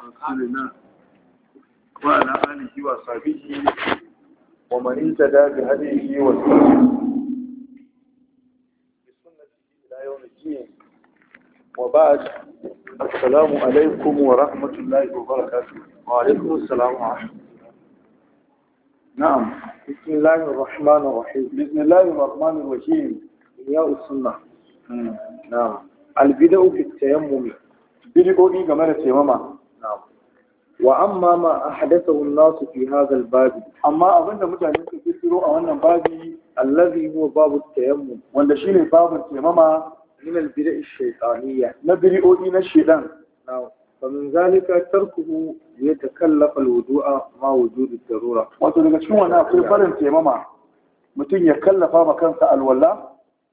rasulina wa ala alihi wa sahbihi wa man intada bi hadihi wa sunnati bi sunnati ila yawm al-din wa ba'd assalamu alaykum wa rahmatullahi wa barakatuh wa alaykum assalam wa rahmatullah na'am bismillahir rahmanir rahim bismillahir rahmanir rahim ya sunnah hmm. na'am al-bid'u fi at-tayammum bid'u ni game da tayammum wa amma ma a an-nas fi hadha amma abinda mutane su kirkiro a wannan babi allazi huwa babu tayammum wanda shine babun tayammama min al-bid'i ash-shaytaniyya na bid'o'i na min na'am فمن ذلك تركه يتكلف الوضوء مع وجود wato daga cikin wannan akwai farin taimama mutum ya kallafa ma kansa alwala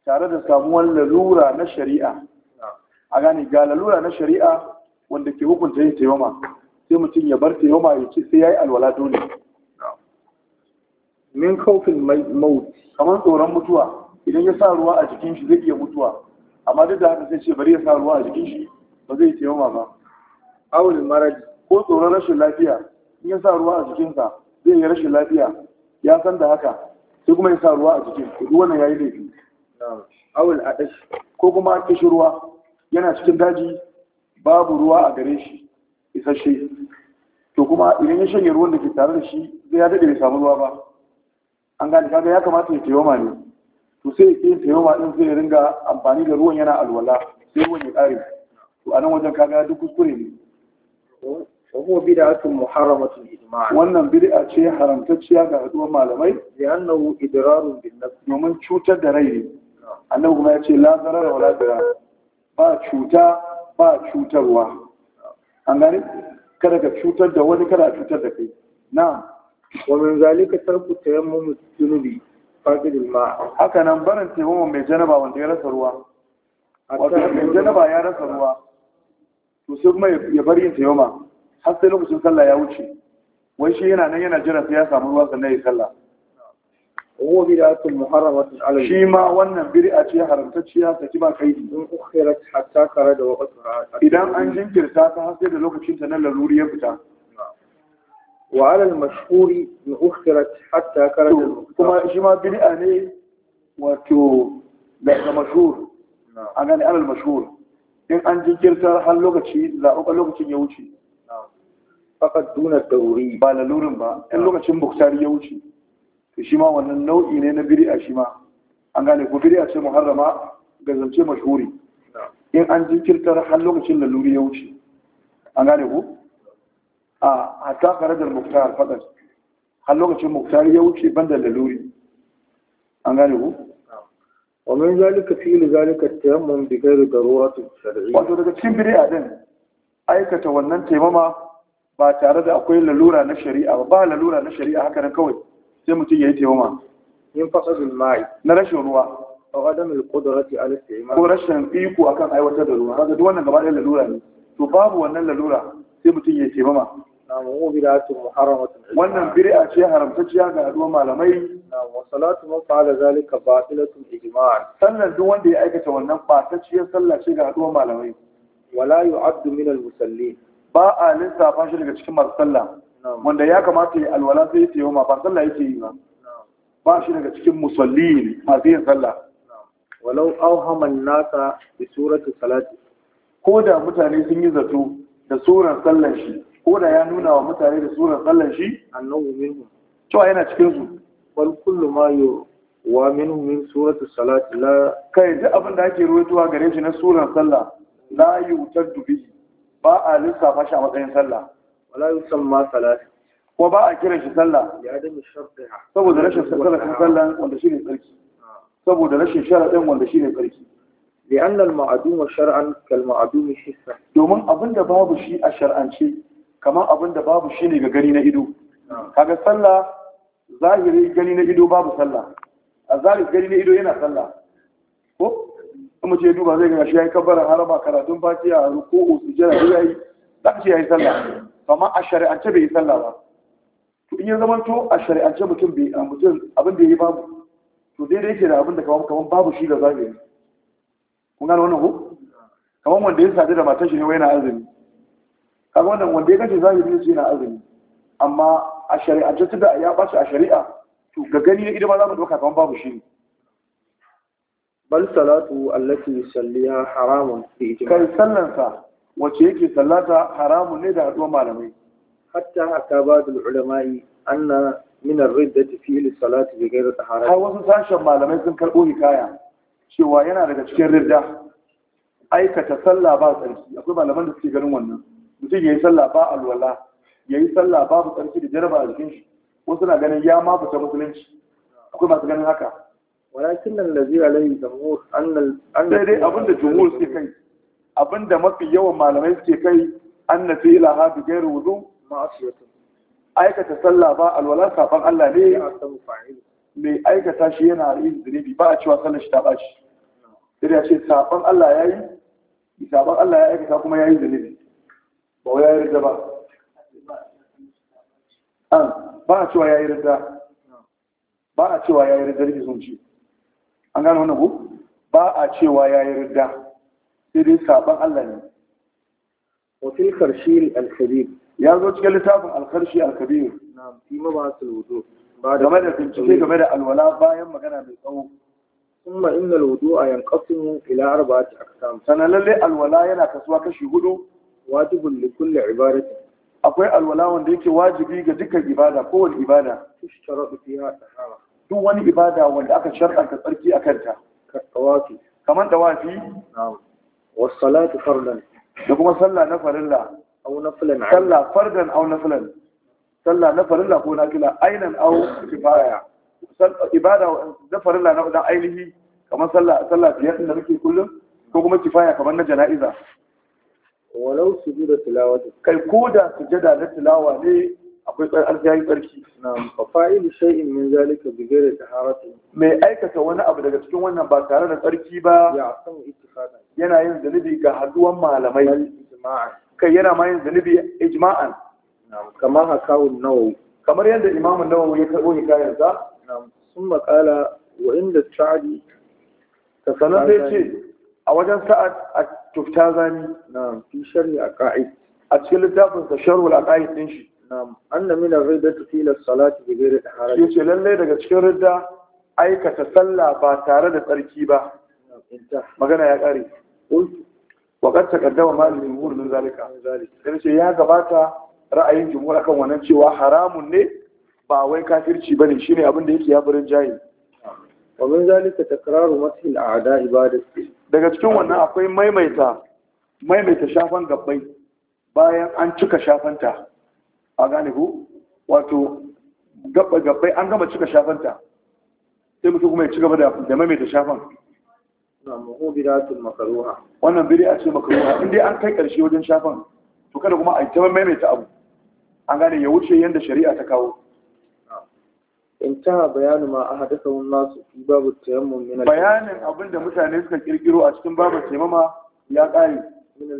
tare da samuwar lalura na shari'a a gane ga lalura na shari'a wanda ke hukunta yin taimama sai mutum ya bar taimama ya ce sai ya yi alwala dole min kaufin maut kamar tsoron mutuwa idan ya sa ruwa a jikin shi zai iya mutuwa amma duk da haka sai ce bari ya sa ruwa a jikin shi ba zai taimama ba awulin maraji ko tsoron rashin lafiya in ya sa ruwa a jikinsa zai yi rashin lafiya ya san da haka sai kuma ya sa ruwa a jikin duk wannan yayi laifi awul adash ko kuma kishi ruwa yana cikin daji babu ruwa a gare shi isasshe to kuma idan ya shanye ruwan da ke tare da shi zai ya daɗe bai samu ruwa ba an gane kaga ya kamata ya tayoma ne to sai ya yin tayoma din zai ringa amfani da ruwan yana alwala sai ruwan ya ƙare to a nan wajen kaga duk kuskure ne وهو بدعة محرمة إجماعا wannan bid'a ce haramtacciya ga haduwar malamai li'annahu idrarun bin nafs domin cutar da rai annabi kuma ya ce la da wala dirar ba cuta ba cutarwa an gani kada ka cutar da wani kada cutar da kai na wa min zalika tarku tayammum junubi fadil ma haka nan barin tayammum mai janaba wanda ya rasa ruwa wato mai janaba ya rasa ruwa to sai kuma ya bari yin tayammum har sai lokacin sallah ya wuce wai shi yana nan yana jira sai ya samu ruwa sannan ya sallah wa bid'atun shi ma wannan bid'a ce haramtacciya ta ba kai in ukhirat hatta da idan an jinkirta ta har sai da lokacin ta na laruri ya fita wa ala al-mashhur in ukhirat hatta kare kuma shi ma bid'a ne wato daga mashhur a gani ala al-mashhur in an jinkirta har lokaci zaɓaɓɓen lokacin ya wuce duna ba lalurin ba in lokacin buktari ya wuce shi ma wannan nau'i ne na bid'a shi ma an gane ko bid'a ce muharrama ga zance mashhuri in an jinkirtar har lokacin laluri ya wuce an gane ko a hatta da muktar fadar har lokacin muktar ya wuce banda laluri an gane ko ومن ذلك في ذلك التيمم بغير ضرورة شرعية wato daga cikin bid'a din aikata wannan taimama ba tare da akwai lalura na shari'a ba ba lalura na shari'a haka nan kawai sai mutum ya yi taimama min fasadin mai na rashin ruwa Ko a adamul qudrati ala istimal ko rashin iko akan aiwatar da ruwa kaga duk wannan gaba ɗaya lalura ne to babu wannan lalura sai mutum ya yi Na taimama namu bid'atu muharramatun wannan bid'a ce haramtacciya ga haduwar malamai Na wa salatu man fa'ala zalika batilatun ijma'an sannan duk wanda ya aikata wannan batacciyar sallah ce ga haduwar malamai wala yu'addu min al-musallin ba a lissafa shi daga cikin masu sallah wanda ya kamata ya alwala sai yi taimama ba sallah yake yi ba ba shi daga cikin musalli masu yin sallah walau auhaman nasa da suratu salati ko da mutane sun yi zato da suran sallan shi ko da ya nuna wa mutane da suran sallan shi annahu minhu cewa yana cikin su wal kullu ma yu wa minhu min suratu salati la kai duk abin da ake ruwaitowa gare shi na suran sallah la wutar dubi. ba a lissafa shi a matsayin sallah wala yusamma salat ko ba a kiran shi sallah saboda rashin sallah sallah wanda shine tsarki saboda rashin sharadin wanda shine لأن المعدوم شرعا كالمعدوم حسا domin abinda babu shi a shar'ance kamar abinda babu shi ne ga gani na ido kaga sallah zahiri gani na ido babu sallah a gani na ido yana sallah ko kuma ce duba zai ga shi yi kabbara haraba karatun fatiha ruku'u sujada yayi zaka ce yi sallah amma a shari'ance bai yi sallah ba to in ya zama to a shari'ance mutum bai a mutum abin da ya yi babu to daidai yake da abin da kamar kamar babu shi da zahiri kun gane wannan ko kamar wanda ya sadu da matar shi ne wai na azumi kaga wannan wanda ya kace zahiri ne yana azumi amma a shari'ance da ya bashi a shari'a to ga gani ne idan ma za mu dauka kamar babu shi ne bal salatu allati yusalliha haramun bi ijma' kai sallansa wacce yake sallata haramun ne da haɗuwar malamai hatta aka ba da ulama'i anna min ar-riddati fi salati bi ghairi tahara ai wasu sashen malamai sun karɓo hikaya cewa yana daga cikin ridda aikata sallah ba tsarki akwai malaman da suke ganin wannan mutum yayi sallah ba alwala yayi sallah babu tsarki da jaraba a jikin shi wasu na ganin ya ma fita musulunci akwai masu ganin haka walakin nan da alaihi jamhur annal annal dai abinda jumhur suke kai abinda mafi yawan malamai suke kai an na fi ilaha bi gairu wudu aikata sallah ba alwala saban Allah ne mai aikata shi yana yin zunubi ba a cewa sallar shi ta bashi sai ya ce saban Allah ya yi saban Allah ya aikata kuma ya yi zunubi ba wa ya yi rida ba an ba a cewa ya yi rida ba a cewa ya yi rida rikin an gano wannan ku ba a cewa ya yi rida sai dai saban Allah ne wa karshe karshi al ya zo cikin littafin al karshi al kabir na'am fi mabasul wudu game da bincike game da alwala bayan magana mai tsawo a إن ila arba ta aksam. أقسام lalle alwala yana kasuwa kashi hudu likun da ibadata. akwai alwala wanda yake wajibi ga dukkan ibada kowane ibada tushtaratu fiha ya duk wani ibada wanda aka sharɗanta tsarki a kanta ka tawafi kamar tawafi na'am wasalatu fardan da kuma sallah na farilla aw nafilan sallah fardan aw nafilan sallah na farilla ko nafila ainan aw kifaya ibada na farilla na ainihi kamar sallah sallah da muke kullum ko kuma kifaya kamar na jana'iza walau sujuda tilawati kai ko da sujada na tilawa ne akwai tsarki tsarki na fa'il shay'in min zalika bi ghairi taharati mai aikata wani abu daga cikin wannan ba tare da tsarki ba ya san ittifaqan yana yin zanubi ga haduwan malamai kai yana ma yin zanubi ijma'an kamar hakawun nawawi kamar yadda imamu nawawi ya karbo hikayar sa sun makala wa inda sa'adi ta sanar sai ce a wajen sa'ad a tufta zani na fi shari'a ka'id a cikin littafinsa sharhul aqaid din shi anna min ar-riddati fil salati bi ghairi taharati yace lalle daga cikin ridda aikata sallah ba tare da tsarki ba magana ya kare wa qad taqaddama ma al-jumhur min zalika yace ya gabata ra'ayin jumhur akan wannan cewa haramun ne ba wai kafirci bane shine abin da yake ya burin jayi wa min zalika takraru mathil a'da ibadati daga cikin wannan akwai maimaita maimaita shafan gabbai bayan an cika shafanta a gane ku wato gabbai an gama cika shafanta sai mutum kuma ya ci gaba da maimaita shafan wannan biri a ce makaruwa in dai an kai karshe wajen shafan to kada kuma a yi ta maimaita abu an gane ya wuce yadda shari'a ta kawo In ta انتهى بيان ما أحدثه الناس في باب التيمم Bayanin abinda mutane suka kirkiro a cikin babu taimama ya ƙari na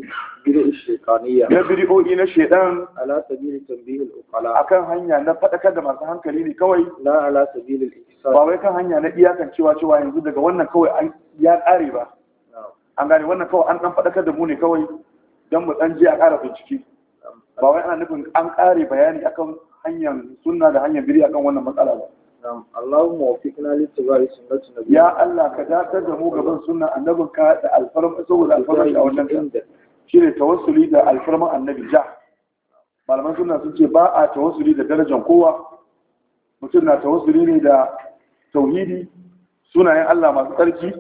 o na shedan ala sabili tanbihil uqala akan hanya na fadakar da masu hankali ne kawai la ala al ihsan ba wai kan hanya na iyakan cewa cewa yanzu daga wannan kawai an ya kare ba an gane wannan kawai an dan fadakar da mu ne kawai dan mu dan je a kara bincike ba wai ana nufin an kare bayani akan hanyar sunna da hanyar biri akan wannan matsala ba Allahumma waffiqna littiba'i sunnati nabiyyi ya Allah ka dace da mu gaban sunnan annabinka da alfarma saboda alfarma a wannan inda shine tawassuli da alfarman annabi ja malaman sunna sun ce ba a tawassuli da darajar kowa mutum na tawassuli ne da tauhidi sunayen Allah masu tsarki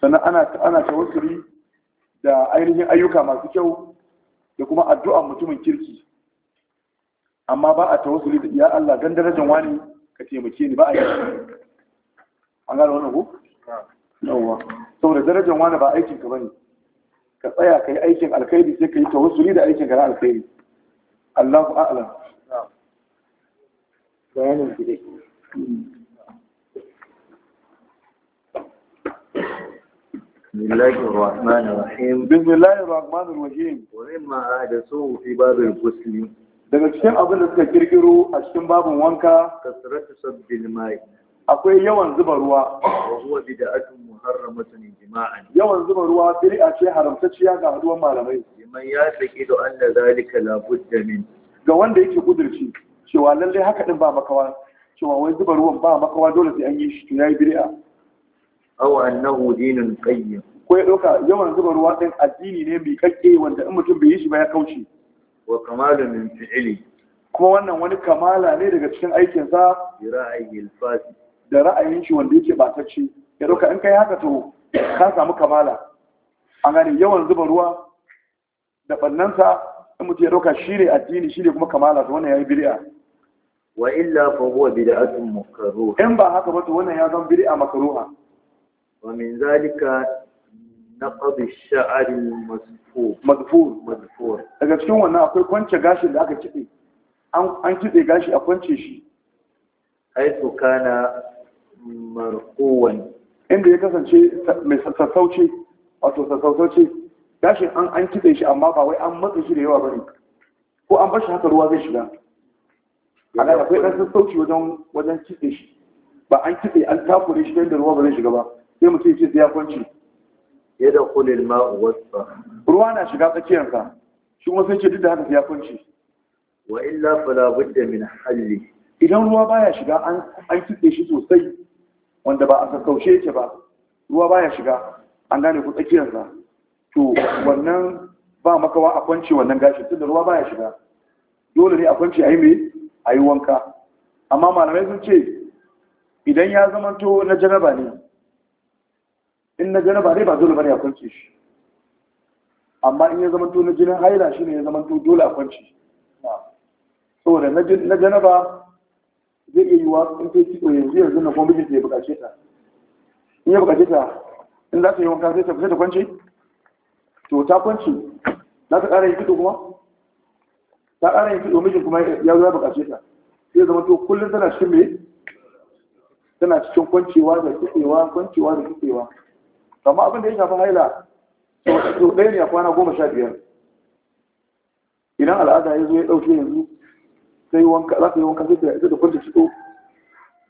sannan ana ana tawassuli da ainihin ayyuka masu kyau da kuma addu'a mutumin kirki amma ba a tawassuli da ya Allah dan darajar wani ka taimake ni ba a yi an gano wani ko yawwa Sau da darajar wani ba aikin ka bane ka tsaya ka yi aikin alkhairi sai ka yi tawassuli da aikin ka na alkhairi Allahu a'lam bayanin gidai بسم الله الرحمن الرحيم بسم الله الرحمن الرحيم ومما أحدثوه في باب الغسل daga cikin abin da suka kirkiro a cikin babin wanka kasratu sabbil mai akwai yawan zuba ruwa wa huwa bid'atu muharramatun jima'an. yawan zuba ruwa bid'a ce haramtacciya ga haduwan malamai man ya saki da anna zalika la budda min ga wanda yake kudurci cewa lalle haka din ba makawa cewa wai zuba ruwan ba makawa dole sai an yi shi to yayi bid'a aw annahu dinun qayyim ko ya dauka yawan zuba ruwa din addini ne mai kakke wanda in mutum bai yi shi ba ya kauce wa kamala min fi'li kuma wannan wani kamala ne daga cikin aikin sa ra'ayi al-fasi da ra'ayin shi wanda yake batacci ya dauka in kai haka to ka samu kamala an gane yawan zuba ruwa da bannan sa in mutum ya dauka shi ne addini shi ne kuma kamala to wannan yayi bid'a wa illa fa huwa bid'atun mukarruha in ba haka ba to wannan ya zama bid'a makruha wa min zalika نقض الشعر المذفور مذفور مذفور daga cikin wannan akwai kwance gashin da aka cide an cide gashi a kwance shi haitu kana marquwan inda ya kasance mai sassauce wato sassauce gashin an an cide shi amma ba wai an matsa shi da yawa bane ko an bar shi haka ruwa zai shiga ana akwai dan sassauci wajen wajen cide shi ba an kitse an takure shi da ruwa ba zai shiga ba sai mutum ya ce ya kwance yadda da kulil ma'u ba. ruwa na shiga tsakiyarsa shi wasu ce duk da haka ya kunci wa illa fala budda min halli idan ruwa baya shiga an kitse shi sosai wanda ba a sassaushe yake ba ruwa baya shiga an gane ku tsakiyarsa to wannan ba makawa a kwanci wannan gashin tunda ruwa baya shiga dole ne a kwanci a yi mai a yi wanka amma malamai sun ce idan ya zamanto na janaba ne in na janaba ne ba dole bane a kwance shi amma in ya zama to na jinin haila shi ne ya zama to dole a kwance saboda na janaba zai iya wa in ta kitso yanzu yanzu na kuma mijinta ya bukace ta in ya bukace ta in za ta yi wanka sai ta kusa ta kwance to ta kwance za ta ƙara yin fito kuma ta ƙara yin fito mijin kuma ya zo ya bukace ta sai zama to kullum tana cikin me tana cikin kwancewa da kitsewa kwancewa da kitsewa amma abin da ya shafi haila to ɗaya ne a kwana goma sha biyar idan al'ada ya zo ya ɗauke yanzu sai wanka za ka yi wanka sai ta da kwanta kitso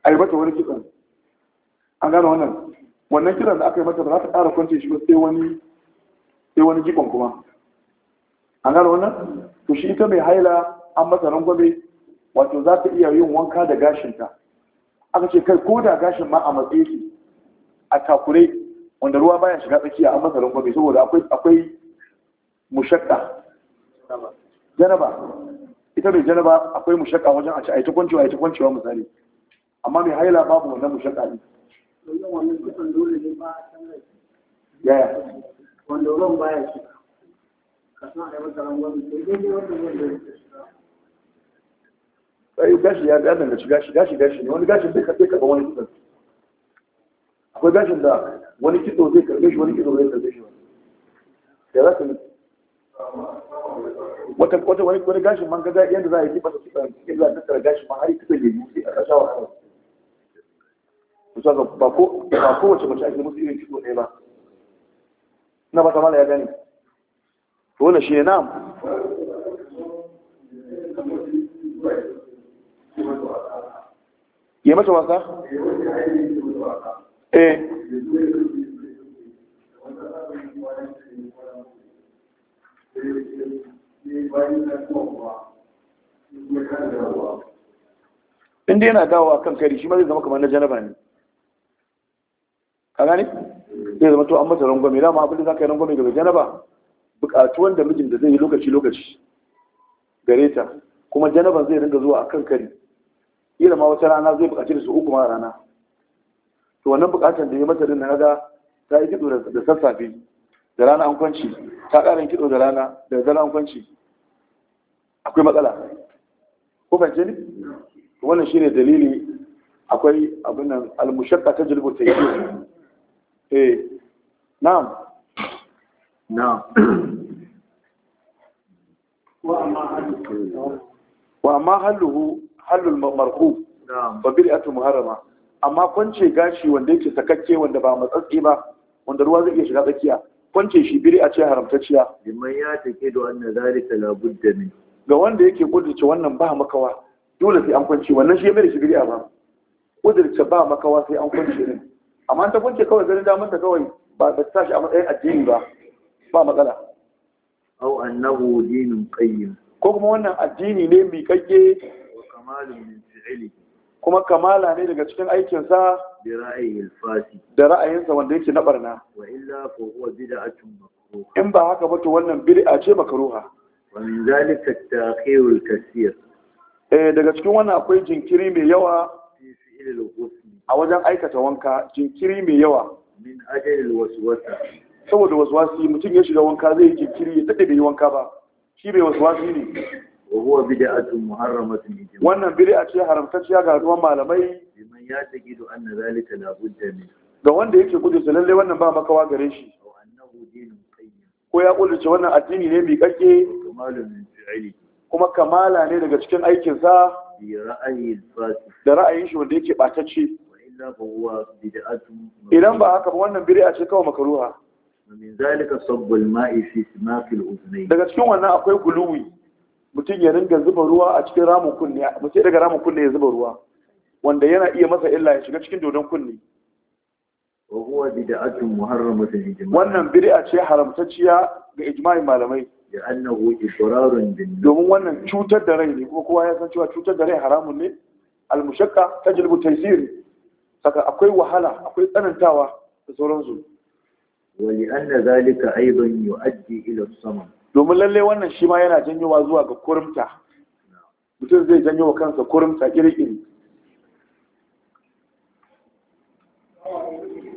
a yi mata wani kitson an gane wannan wannan kitson da aka yi mata ba za ta ƙara kwanta shi ba sai wani sai wani jikon kuma an gane wannan to shi ita mai haila an masa rangwame wato za ta iya yin wanka da gashinta aka ce kai ko da gashin ma a matsayi a takurai wanda ruwa baya shiga tsakiya a masa rangwame saboda akwai akwai mushakka janaba ita mai janaba akwai mushakka wajen a ci aita kwancewa aita kwancewa misali amma mai haila babu wannan mushakka ne yaya wanda ruwan baya shiga sai gashi ya ga daga gashi gashi gashi ne wani gashin bai ka bai ka ba wani akwai gashin da wani kito zai karbe shi wani kito zai karbe shi da za ka yi wata kwata wani wani gashin man ga yadda za a yi kifa su kan za a tattara gashin man har yi kusa yi sai a kasha wahala kusa ba ko ba wace mace ake musu irin kito ɗaya ba na ba kamala ya gani to wannan shine na'am yi mata wasa eh dai yana dawowa kan kari shi ma zai zama kamar na janaba ne ka gani? zai zama to an masa rangwame da ma abinda za ka yi rangwame daga janaba bukatu wanda mijin da zai yi lokaci-lokaci gare ta kuma janaban zai ringa zuwa a kan kari ila ma wata rana zai bukaci da su uku ma rana to wannan bukatar da ya mata din naga ta yi kido da sassafe da rana an kwanci ta karin kido da rana da zara an kwanci akwai matsala ko fahimce ni wannan shine dalili akwai abin nan almushaqqa ta yi eh na'am na'am wa amma halluhu hallul marhum fa bid'atu muharrama amma kwance gashi wanda yake sakakke wanda ba matsatsi ba wanda ruwa zai iya shiga tsakiya kwance shi biri a ce haramtacciya liman ya take da wannan zalika la budda min ga wanda yake kudurce wannan ba makawa dole sai an kwance wannan shi mai da shi biri ba kudurce ba makawa sai an kwance din amma ta kwance kawai ganin damar ta kawai ba ta tashi a matsayin addini ba ba matsala au annahu dinun qayyim ko kuma wannan addini ne miƙaƙƙe wa kamalun min fi'lihi kuma kamala ne daga cikin aikinsa da ra'ayinsa wanda yake na barna in ba haka ba to wannan bid'a ce makruha ومن ذلك eh, daga cikin wannan akwai jinkiri mai yawa a wajen aikata wanka jinkiri mai yawa min ajalil waswasa saboda waswasi mutum ya shiga wanka zai jinkiri ya da yi wanka ba shi bai waswasi ne wa huwa bid'atun muharramatun ijma wannan bid'a ce haramtacciya ga ruwan malamai liman ya taqidu anna zalika la budda ga wanda yake gudu sa wannan ba makawa gare shi ko ya kullace wannan addini ne mai kake kuma kamala ne daga cikin aikin sa da ra'ayin shi wanda yake batacce idan ba haka ba wannan bid'a ce kawai makaruha min zalika sabbu daga cikin wannan akwai guluwi mutum ya ringa zuba ruwa a cikin ramin kunne daga ramin kunne ya zuba ruwa wanda yana iya masa illa ya shiga cikin dodon kunne wa huwa bid'atun muharramatun ijma'an wannan bid'a ce haramtacciya ga ijma'in malamai da annahu israrun bin domin wannan cutar da rai ne kuma kowa ya san cewa cutar da rai haramun ne al ta tajlibu taysir saka akwai wahala akwai tsanantawa da sauransu wa li anna zalika aidan yu'addi ila as-saman domin lalle wannan shi ma yana janyowa zuwa ga kurumta mutum zai janyo wa kansa kurumta iri-iri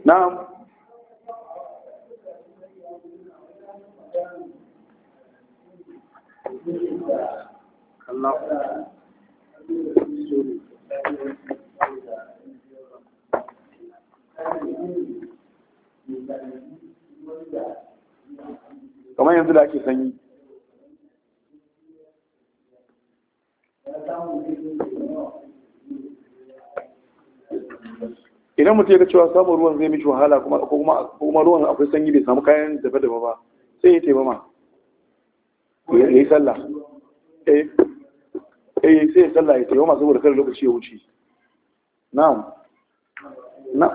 na'am Thank you. kamar yanzu da ake sanyi idan mutum ya cewa samun ruwan zai mishi wahala kuma ruwan akwai sanyi bai samu kayan dafa-dafa ba sai ya taimama ya yi sallah eh, eh sai ya sallah ya taimama saboda kar lokaci ya wuce na'am na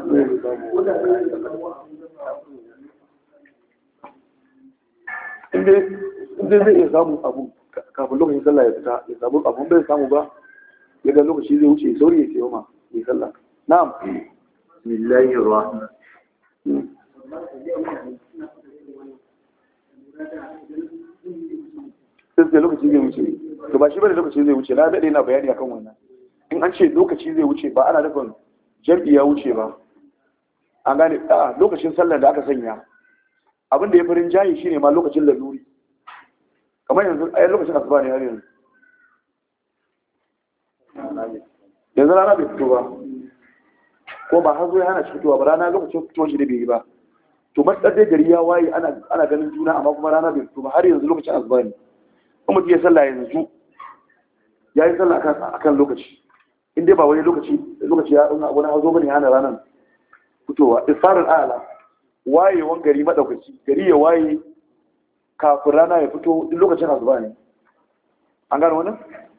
inda zai iya samun abu kafin lokacin sallah ya fita ya samu abun bai samu ba ya ga lokaci zai wuce sauri ya ce ma mai sallah na'am billahi ruwa. sai lokaci zai wuce to ba shi bane lokaci zai wuce na daɗe na bayani akan wannan in an ce lokaci zai wuce ba ana nufin jam'i ya wuce ba an gane a lokacin sallar da aka sanya Abinda ya farin jayi shine ma lokacin laluri kamar yanzu a yi lokacin asuba ne har yanzu yanzu rana bai fito ba ko ba hazo ya hana shi fitowa ba rana lokacin fito shi da bai yi ba to matsar dai gari ya waye ana ganin juna amma kuma rana bai fito ba har yanzu lokacin asuba ne in mutum ya sallah yanzu ya yi sallah akan lokaci in dai ba wani lokaci lokaci ya wani hazo bane hana ranar fitowa isarar ala wayewan gari maɗaukaci gari ya waye kafin rana ya fito duk lokacin azuba ne an gano wani?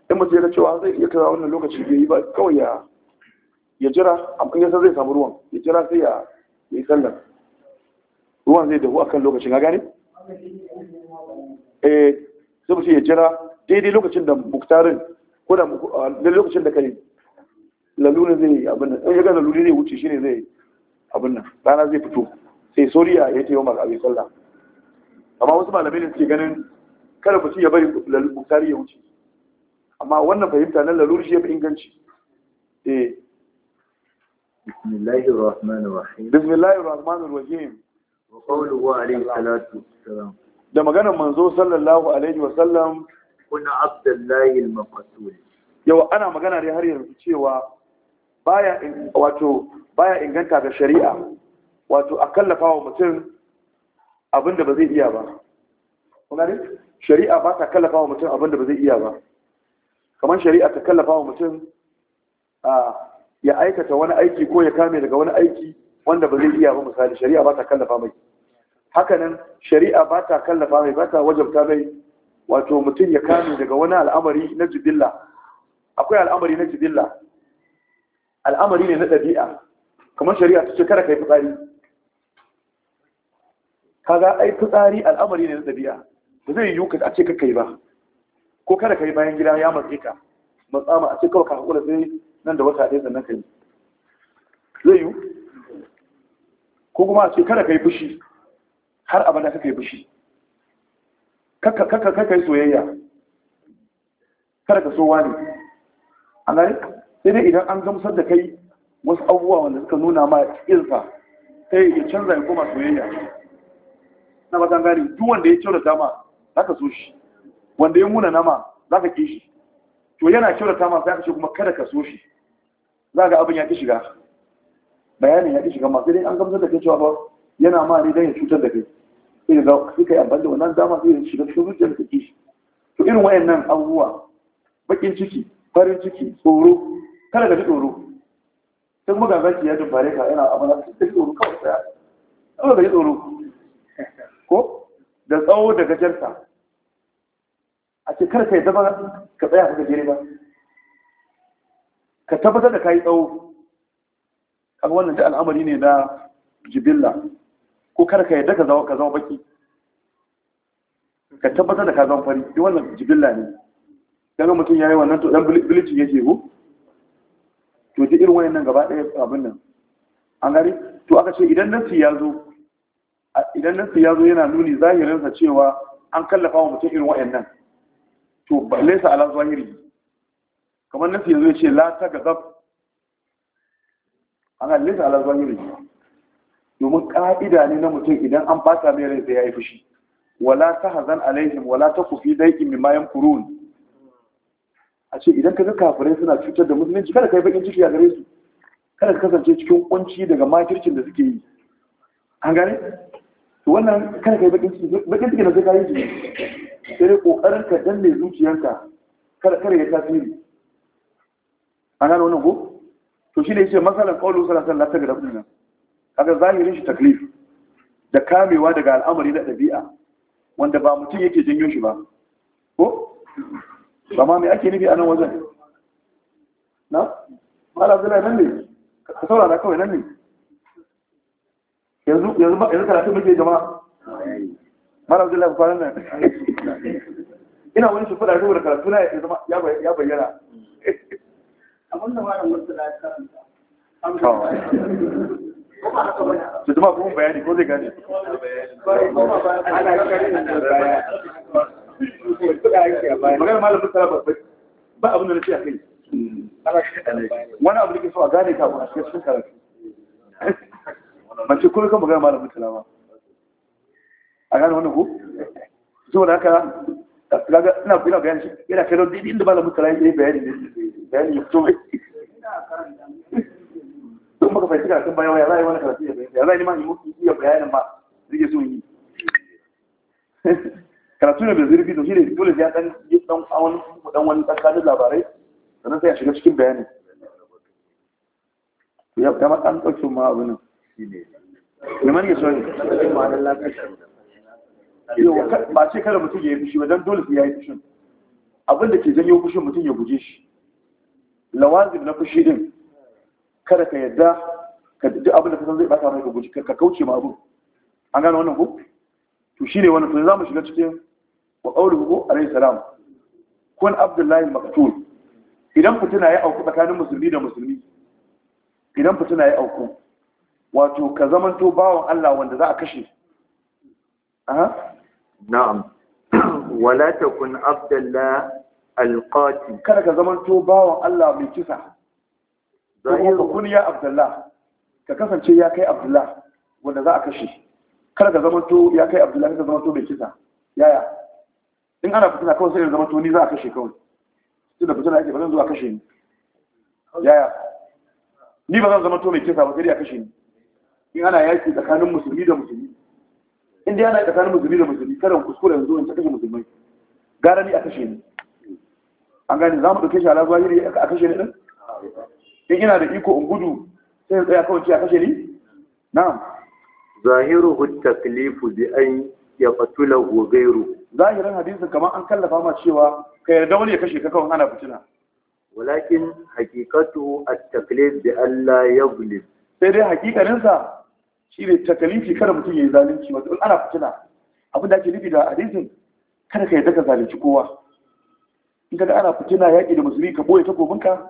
in mutum ya cewa zai iya kaza wannan lokacin bai yi ba kawai ya ya jira amma ya san zai samu ruwan ya jira sai ya yi sallar ruwan zai dahu akan lokacin ka gane eh sai mutum ya jira daidai lokacin da muktarin ko da lokacin da kai laluna zai abin nan in ya ga laluna zai wuce shine zai abin nan rana zai fito sai soriya ya taimaka maka abin sallah amma wasu malamai ne suke ganin kada mutum ya bari muktari ya wuce amma wannan fahimta na lalur shi ya fi inganci eh salatu da maganar manzo sallallahu alaihi wasallam kuna abdullahi al-maqtul yau ana magana dai har yanzu cewa baya wato baya inganta ga shari'a wato a kallafa wa mutum abin da ba zai iya ba kuna ne shari'a ba ta kallafa wa mutum abin da ba zai iya ba kamar shari'a ta kallafa wa mutum ya aikata wani aiki ko ya kame daga wani aiki wanda ba zai iya ba misali shari'a ba ta kallafa mai hakanan shari'a ba ta kallafa mai ba ta wajabta mai wato mutum ya kame daga wani al'amari na jibilla akwai al'amari na jibilla al'amari ne na ɗabi'a kamar shari'a ta ce kada ka yi fitsari kaga ai fitsari al'amari ne na dabi'a ba zai yiwu a ce kai ba ko kada ka yi bayan gida ya matsi ka matsa ma a ce kawai ka haƙura sai nan da wata ɗaya sannan ka yi zai yiwu ko kuma a ce kada ka yi fushi har abada kaka yi fushi kaka kai soyayya kada ka so wani a gani? sai dai idan an gamsar da kai wasu abubuwa wanda suka nuna ma irsa sai ya canza ya koma soyayya na ba gane duk wanda ya kyautata ma zaka so shi wanda ya muna nama zaka ki shi to yana kyautata ma sai ka ce kuma kada ka so shi za ga abin ya ki shiga bayanin ya ki shiga ma sai dai an gamsar da kai cewa ba yana ma ne dan ya cutar da kai sai ga sai kai amfani da wannan dama sai ya shiga cikin zuciyar ka ki shi to irin wayannan abubuwa bakin ciki farin ciki tsoro kada ka ji tsoro sai kuma ga zaki ya dubbare ka yana abin da tsoro kawai tsaya kada ka ji tsoro ko da tsawo da gajarta a ce karka yi zama ka tsaya ka gajere ba ka tabbatar da ka yi tsawo kan wannan da al'amari ne na jibilla ko karka yadda ka zama ka zama baki ka tabbatar da ka zama fari duk wannan jibilla ne daga mutum ya yi wannan to dan bilicin yake ko to ji irin nan gaba ɗaya abin nan an gari to aka ce idan nasi ya zo idan nan ya zo yana nuni zahirinsa cewa an kallafa wa mutum irin wa'annan to ba laisa ala zahiri kamar nan ya zo ya ce la ta gazab ana laisa ala zahiri domin ka'ida ne na mutum idan an fata mai rai sai ya yi fushi wala ta hazan alaihim wala ta kufi daikin mimma kurun. a ce idan ka ga kafirai suna cutar da musulunci kada ka yi bakin ciki a gare su kada ka kasance cikin kunci daga makircin da suke yi an gane to wannan kada kai bakin ciki bakin ciki na sai kayi jini, sai kokarin ka danne zuciyarka kada kar ya tasiri ana nuna wannan ko to shi ne yace masalan qawlu sallallahu alaihi wasallam ta gaba kaga zahirin shi taklif da kamewa daga al'amari na dabi'a wanda ba mutum yake janyo shi ba ko ba ma me ake nufi a nan wajen na mala zira nan ne ka saurara kawai nan ne yanzu yanzu karatu ke jama'a mara wajen lafi kwanan nan ina wani shi fada saboda karatu na ya bayyana abin da mara murtala ya karanta su zama kuma bayani ko zai gani magana malam murtala babbai ba abin da na ce a kai wani abu da ke so a gane kafin a cikin karatu mace kuma kan magana malamin a gane wannan ku saboda haka ina ina bayani shi ina kai don inda bayani bayani don baka fahimci kan bayan waya wani karatu bayani ya ma yi iya ma zai so yi karatu ne shi ne dole ya dan yi dan awon dan wani labarai sannan sai ya shiga cikin bayani ya ma an ɗauki ma abu liman ya Yau, ba ce kada mutum ya yi fushi ba don dole ya yi fushin da ke janyo fushin mutum ya guje shi lawazim na fushi din kada ka yadda ka duk abinda ka san zai bata mai ka guji ka kauce ma abu an gane wannan ko to ne wannan tun za mu shiga cikin wa a rai salam kun abdullahi maktul idan fitina ya auku tsakanin musulmi da musulmi idan fitina ya auku wato ka zamanto bawan Allah wanda za a kashe na'am wala takun abdallah alqati kada ka zamanto bawan Allah mai kisa zai kunya ya abdallah ka kasance ya kai abdullah wanda za a kashe kada ka zamanto ya kai abdullah ka zamanto mai kisa yaya in ana fitina kawai sai ya zamanto ni za a kashe kawai da fitina yake ba zan zo a kashe ni yaya ni ba zan zamanto mai kisa ba sai dai a kashe ni in ana yaki tsakanin musulmi da musulmi in dai ana tsakanin musulmi da musulmi kada mu kuskure yanzu in kashe musulmai gara ni a kashe ni an gane za mu ɗauke shi ala zahiri a kashe ni ɗin in ina da iko in gudu sai in tsaya kawai ce a kashe ni na'am hutta taklifu bi an yaqtulahu gogairu. zahirin hadisin kamar an kallafa ma cewa ka yarda wani ya kashe ka kawai ana fitina walakin hakikatu at-taklif bi Allah ya gulif sai dai hakikaninsa. shi ne takalifi kada mutum ya yi zalunci wato ana fitina abin da ake nufi da hadisin kada ka yarda ka zalunci kowa in kada ana fitina yaƙi da musulmi ka boye takobinka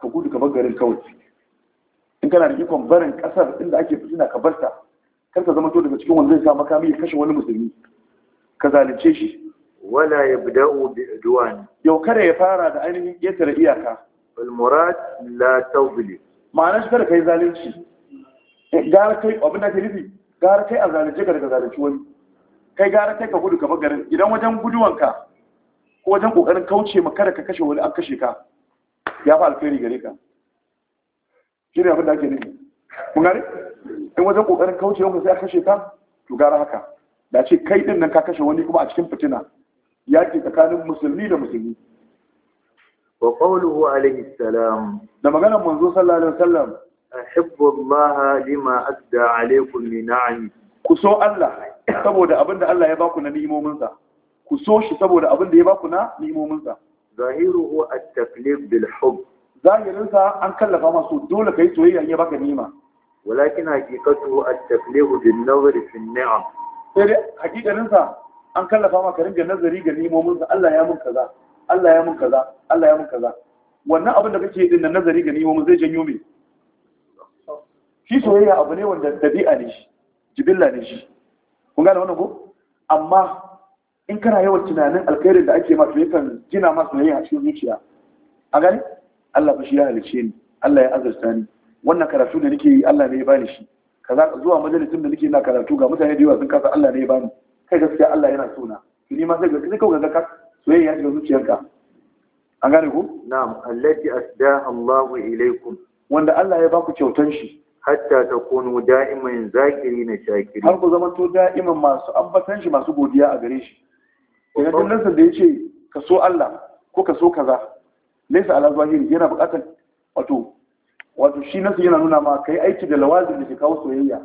ka gudu ka bar garin kawai in kana da ikon barin ƙasar inda ake fitina ka barta kar ka zama to daga cikin wanda zai sa makami ya kashe wani musulmi ka zalunce shi wala ya bi udwan yau kada ya fara da ainihin ƙetare iyaka al murad la tawbili ma'ana shi kada yi zalunci Eh, gara kai abin da ke nufi gara kai a zalunce ka daga zalunci wani kai gara kai ka gudu gaba garin idan wajen guduwanka ko wajen kokarin kauce ma kada ka kashe wani an kashe ka ya fa alkhairi gare ka shi ne abin da ake nufi kun gane in wajen kokarin kauce wani sai a kashe ka to gara haka da ce kai din nan ka kashe wani kuma a cikin fitina yaki tsakanin musulmi da musulmi wa qawluhu alayhi salam da maganar manzo sallallahu alaihi wasallam أحب الله لما أدى عليكم من Ku so Allah saboda abin da Allah ya baku na ni'imominsa ku so shi saboda abin da ya baku na ni'imominsa zahiruhu at-taklif bil hubb zahirinsa an kallafa masu dole kai soyayya ya baka ni'ima walakin haqiqatuhu at-taklif bin nazar fi an-ni'am sai hakikarinsa an kallafa maka ringa nazari ga ni'imominsa Allah ya mun kaza Allah ya mun kaza Allah ya mun kaza wannan abin da kake din nazari ga ni'imomin zai janyo me shi soyayya abu ne wanda dabi'a ne shi jibilla ne shi kun gane wannan ko amma in kana yawan tunanin alkhairin da ake masu yakan gina masu yayi a cikin zuciya a gani Allah fa shi ya halice ni Allah ya azurta ni wannan karatu da nake yi Allah ne ya bani shi kaza zuwa majalisin da nake na karatu ga mutane da yawa sun kasa Allah ne ya bani kai gaskiya Allah yana so na to ni ma sai ga kai kawai ga soyayya ya shiga zuciyarka an gane ku na'am allati asdaha Allahu ilaykum wanda Allah ya baku kyautan shi hatta ta kunu da'iman zakiri na shakiri har ku zama to da'iman masu ambatan shi masu godiya a gare shi idan dukkan da yace ka so Allah ko ka so kaza laysa ala zahiri yana buƙatar wato wato shi nasu yana nuna ma kai aiki da lawazin da ke kawo soyayya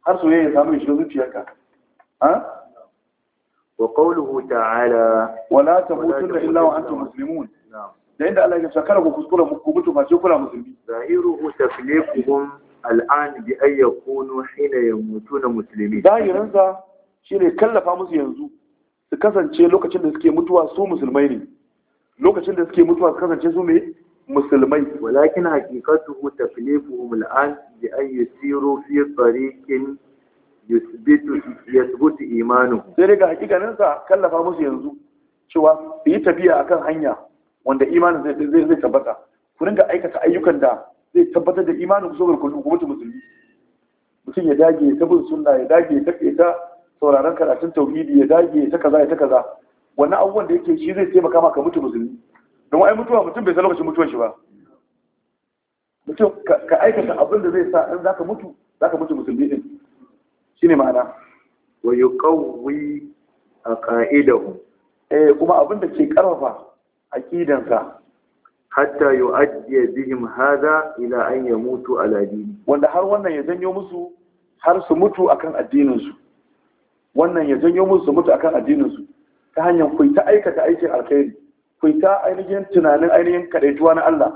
har soyayya samu shi zuciyarka ha wa qawluhu ta'ala wala tamutunna illa wa antum muslimun da inda Allah ya ce kada ku kuskura ku mutu ba sai kula musulmi zahiruhu tafliquhum al'an bi ayya kunu hina yamutuna muslimin zahirin sa shine kallafa musu yanzu su kasance lokacin da suke mutuwa su musulmai ne lokacin da suke mutuwa su kasance su mai musulmai walakin haqiqatuhu taklifuhum al'an bi an yusiru fi tariqin yusbitu yasbutu imanuhum sai daga hakikanin sa kallafa musu yanzu cewa su yi tafiya akan hanya wanda imanin zai zai tabbata ku ringa aikata ayyukan da zai tabbatar da imanin kusurwar kullum kuma musulmi mutum ya dage ya bin sunna ya dage ya taɓe ta sauraron karatun tauhidi ya dage ya ta kaza ya ta kaza wannan abubuwan da yake shi zai taimaka maka mutu musulmi don ai mutuwa mutum bai san lokacin mutuwar shi ba mutum ka aikata abin da zai sa in zaka mutu zaka mutu musulmi din shine ma'ana wa yuqawwi aqaidahu eh kuma abin da ke karfafa aqidansa hatta yu'addiya bihim hada ila an yamutu ala dini wanda har wannan ya janyo musu har su mutu akan addinin su wannan ya janyo musu su mutu akan addinin su ta hanyar ku ta aikata aikin alkhairi ku ta ainihin tunanin ainihin kadaituwa na Allah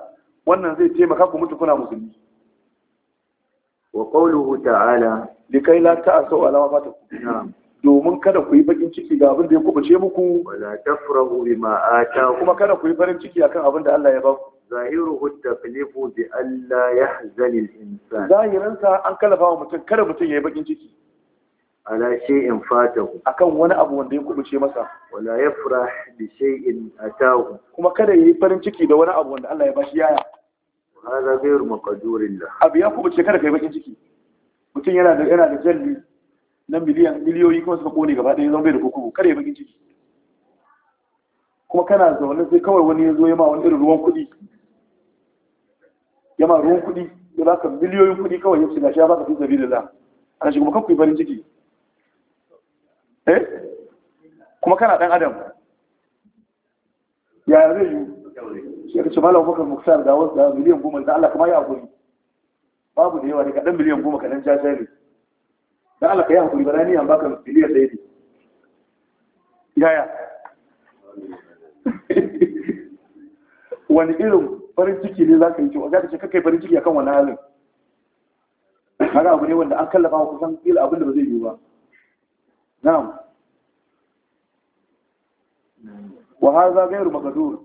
wannan zai taimaka ku mutu kuna musulmi wa qawluhu ta'ala likai la ta'asu ala ma fatakum na'am domin kada ku yi bakin ciki ga abin da ya kubuce muku wala tafrahu bima ata kuma kada ku yi farin ciki akan abin da Allah ya ba ku hudda filifu bi allah ya al insan zahirin sa an kalafa wa mutum kada mutum ya yi bakin ciki ala shay'in fatahu akan wani abu wanda ya kubuce masa wala yafrah bi shay'in atahu kuma kada ya yi farin ciki da wani abu wanda Allah ya bashi yaya hada ghayr maqdurillah abu ya kubuce kada kai bakin ciki mutum yana da yana da jalli na miliyan miliyoyi kuma suka kone gaba ɗaya zama bai da kuku kare bakin ciki kuma kana zaune sai kawai wani ya zo ya ma wani irin ruwan kuɗi ya ma ruwan kuɗi ya baka miliyoyin kuɗi kawai ya shiga, shi ya baka fi zabi da za a shi kuma kakwai farin ciki eh kuma kana ɗan adam yaya zai yi shi ya kace malam bakar muktar da wasu da miliyan goma da Allah kuma ya haƙuri babu da yawa ne kaɗan miliyan goma kaɗan jajaye da Allah ka yi hakuri ba na niyan baka miliyan da ne yaya wani irin farin ciki ne za ka yi cewa za ka ce kakai farin ciki akan wani halin kaga abu ne wanda an kallafa wa kusan kila abin da ba zai yiwu ba na'am wa hadha ghayru maqdur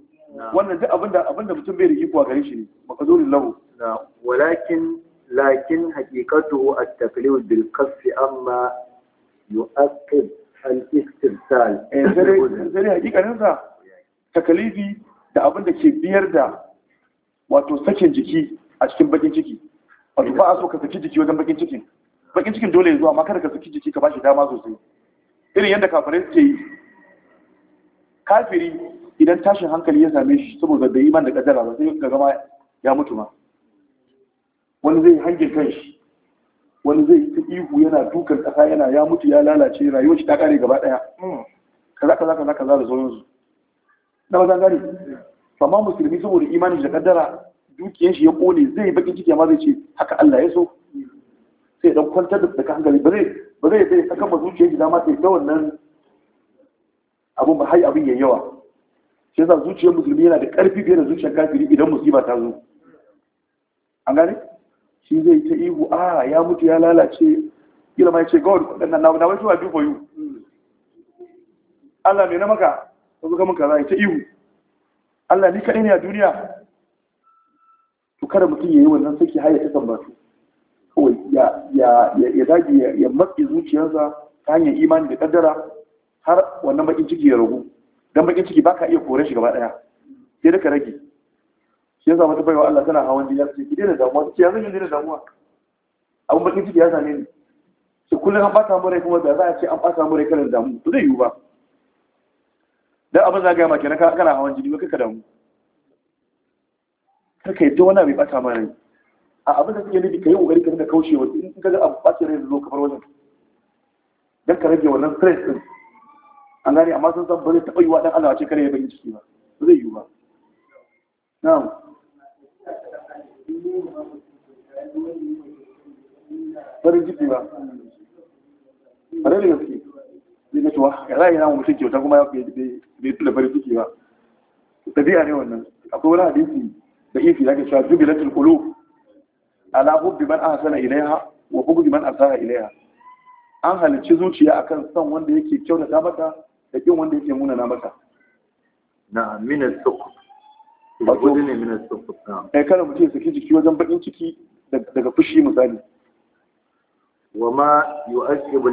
wannan duk abinda abinda mutum bai rigi kuwa gare shi ne maqdurul lahu walakin لكن حقيقته التقليل بالقصف أما يؤكد الاسترسال zane حقيقة sa takalifi da abin da ke biyar da wato sakin jiki a cikin bakin ciki wato ba a so ka saki jiki wajen bakin cikin cikin dole ya zuwa amma kada ka saki jiki ka bashi dama sosai irin yadda kafirai suke yi kafiri idan tashin hankali ya same shi saboda bai man da kadara ba sai ka gama ya mutu ma wani zai hangin kanshi wani zai yi ihu yana dukan ƙasa yana ya mutu ya lalace rayuwar shi ta kare gaba ɗaya hmm. kaza kaza kaza kaza da su na ba gane amma musulmi saboda imanin da kaddara dukiyar shi ya kone zai bakin ciki amma zai ce haka Allah ya so sai dan kwantar da kan hankali ba zai ba zai zai saka ba zuciyar shi dama sai ta wannan abun ba hai abin yayi yawa shi yasa zuciyar musulmi yana da karfi fiye da zuciyar kafiri idan musiba ta zo an gane shi zai ta ihu a ya mutu ya lalace kila mai ce god na na wai tuwa do for you Allah mai na maka zuka zo za a yi ta ihu Allah ni kaɗai ne a duniya to kada mutum ya yi wannan saki har ya ta sambatu kawai ya zagi, ya dage matsi zuciyarsa ta hanyar imani da kaddara har wannan bakin ciki ya ragu don bakin ciki baka iya kore shi gaba ɗaya sai da ka rage shi yasa wata baiwa Allah tana hawan jini sai ki daina damuwa ki ya zan daina damuwa abun bakin ciki ya same ni sai kullum an bata mu rai kuma da za a ce an bata mu rai kana damu to zai yiwu ba dan abin za ga ma kenan kana hawan jini ba ka damu kar ka yadda wani abu bata ma rai a abin da suke nufi ka yi kokari ka dinga kaushewa in ka ga abu bata rai zo kamar wajen dan ka rage wannan stress din an gane amma sun san ba zai taɓa yiwa dan Allah ce kare ya bayyana ciki ba zai yiwu ba na'am farin ciki ba a da gaske zai na cewa ya yi na mutum kyauta kuma ya bai da farin ciki ba tabi'a ne wannan akwai wani hadisi da ifi ya ke cewa jubilatul kulu ala hubbi man ahsana ilaiha wa bughdi man asara ilaiha an halicci zuciya akan son wanda yake kyautata mata da kin wanda yake munana mata na min al wato ne min eh kana mutum saki jiki wajen bakin ciki daga fushi misali wa ma yu'aqibu